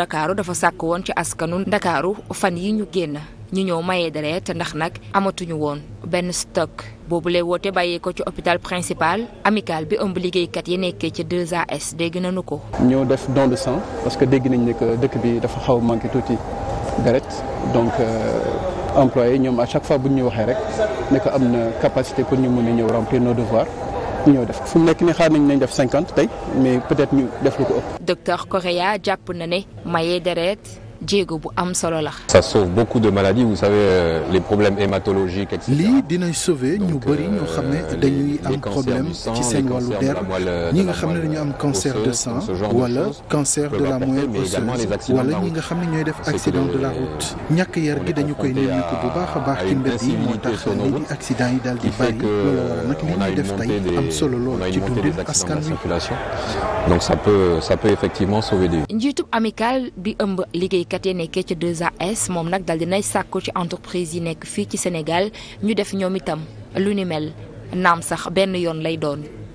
ndakaaru dafa sàkk woon ci askanu ndakaaru fan yi ñu génn ñu ñëw mayee deret ndax nag amatuñu woon benn stock boobu lay woote bàyyee ko ci hôpital principal amical bi ëmb liggéeykat yi nekkee ci 2AS dégg nañu ko. ñoo def don de sang parce que dégg nañ ne que dëkk bi dafa xaw a manqué tuuti deret donc euh, employé ñoom à chaque fois bu ñu waxee rek ne am na capacité pour ñu mën a ñëw remplir nos devoirs. ñoo def fu mu nekk ni xaar nañ nañ def cinquante tey mais peut-être ñu def lu ko ëpp. docteur Correa jàpp na ne maye deret jéego bu am solo la. ça sauve beaucoup de maladies vous savez euh, les problèmes hématologiques et dina sauver ñu bëri ñoo euh, xam ne dañuy am problème ci seen wàllu ñi nga xam ne dañu am cancer de sang cancer de la moelle osseuse wala ñi nga de la route. ñàkk yar gi dañu koy nemmiku bu baax a baax ci mbedd yi di accident loolu waral li ñuy def tey am solo lool ci dundin amical bi ëmb liggéey. liggéeykat ya nekkee ca 2AS moom nag dal dinay sàkku ci entreprise yi nekk fii ci Sénégal ñu def ñoom itam lu ni mel naam sax benn yoon lay doon